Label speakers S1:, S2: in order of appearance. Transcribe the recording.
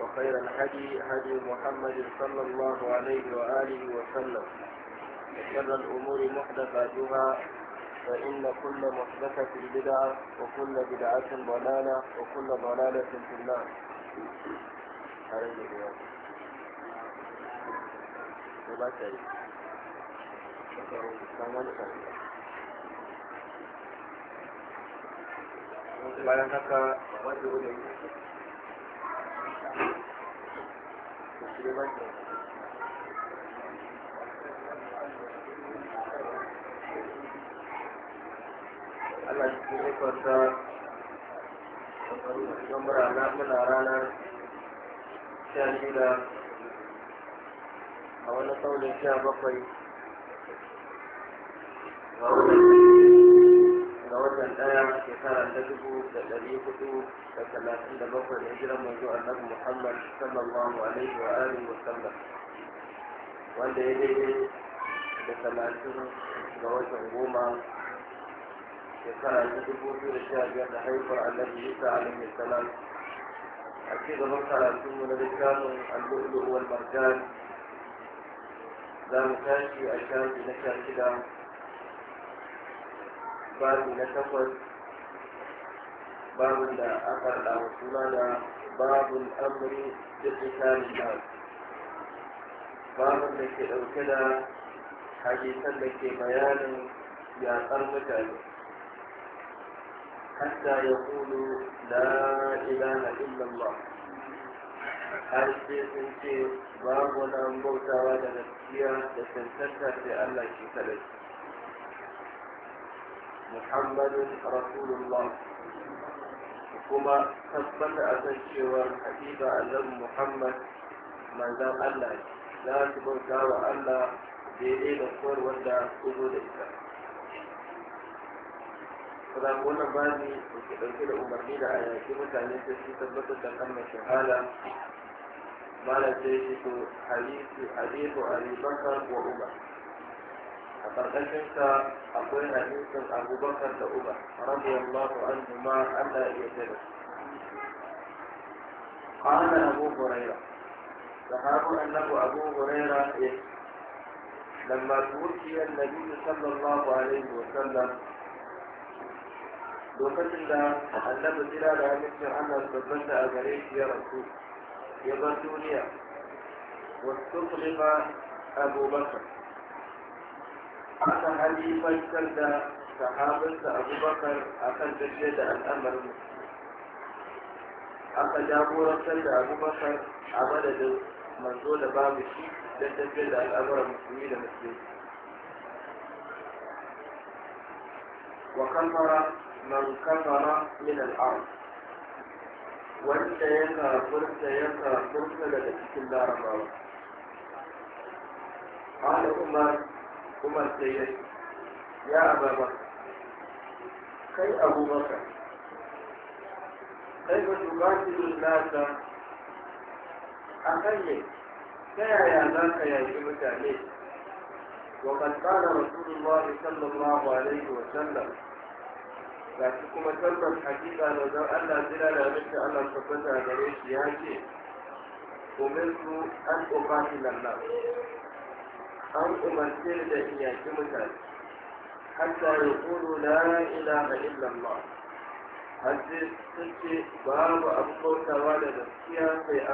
S1: وخير الهدي هدي محمد صلى الله عليه وآله وسلم وشر الأمور محدثاتها فإن كل محدثة بدعة وكل بدعة ضلالة وكل ضلالة في النار bayan haka Allah cikin ikonsa muna ranar sha shida a wani tsaunin sha bakwai wani الآية وكان الكذب الذي كتب كثلاثين بقر الهجرة منذ أنه محمد صلى الله عليه وآله وسلم wanda ya daidai da talatin ga watan goma shekara ta dubu biyu da sha biyar da haifar annabi isa alaihi salam a ci gaban karatun na littafin al'ulu wal marjan za mu tashi a shafi na sha shida babu na takwas babun da aka raɗa suna da babun amri da tsikalin da babun da ke ɗauke da hadisan da ke bayanin yaƙar mutane hatta ya kulu la ilaha illallah har sai sun ce babu wani bautawa da gaskiya da cancanta sai Allah shi kadai محمد رسول الله كما ثبت أتشوى الحبيب أنه محمد من ذو أن لا تبرك وألا بإيه بصور ولا أبو ليسا فلا قولنا بعضي وكذلك أمرنا على كيف كان يتشي ثبت تقام شهالا ما لا تشيك حديث أبي بكر وأمر a ƙarƙashinsa akwai hadisin abubakar da uba radiyallahu anhu ma allah ya tada قال أبو هريرة صحاب أنه أبو هريرة لما توفي النبي صلى الله عليه وسلم lokacin da annabi jira da halittar Allah tabbata a gare shi ya rasu ya bar duniya wasu kuma abubakar aka halifantar da sahabinsa abubakar akan tafiye da al'amarin aka jagorantar da abubakar a madadin manzo da babu shi don tafiye da al'amarin musulmi da musulmi wa kafara man kafara min al'arz wanda ya kafurta ya kafurta daga cikin larabawa قال عمر umar sai ya ya ababa kai abubakar kai ba tukatilun nasa a kan ne ta yaya za ka yaki mutane a قال ba الله صلى الله wa وسلم ga shi kuma tabbas hakika da zan Allah jira da rikin Allah tabbata gare shi ya ce umirtu an uqatila nas an umarce da iyaki mutane hatta ya kuru la ilaha illallah har sai sun ce babu abin da gaskiya sai an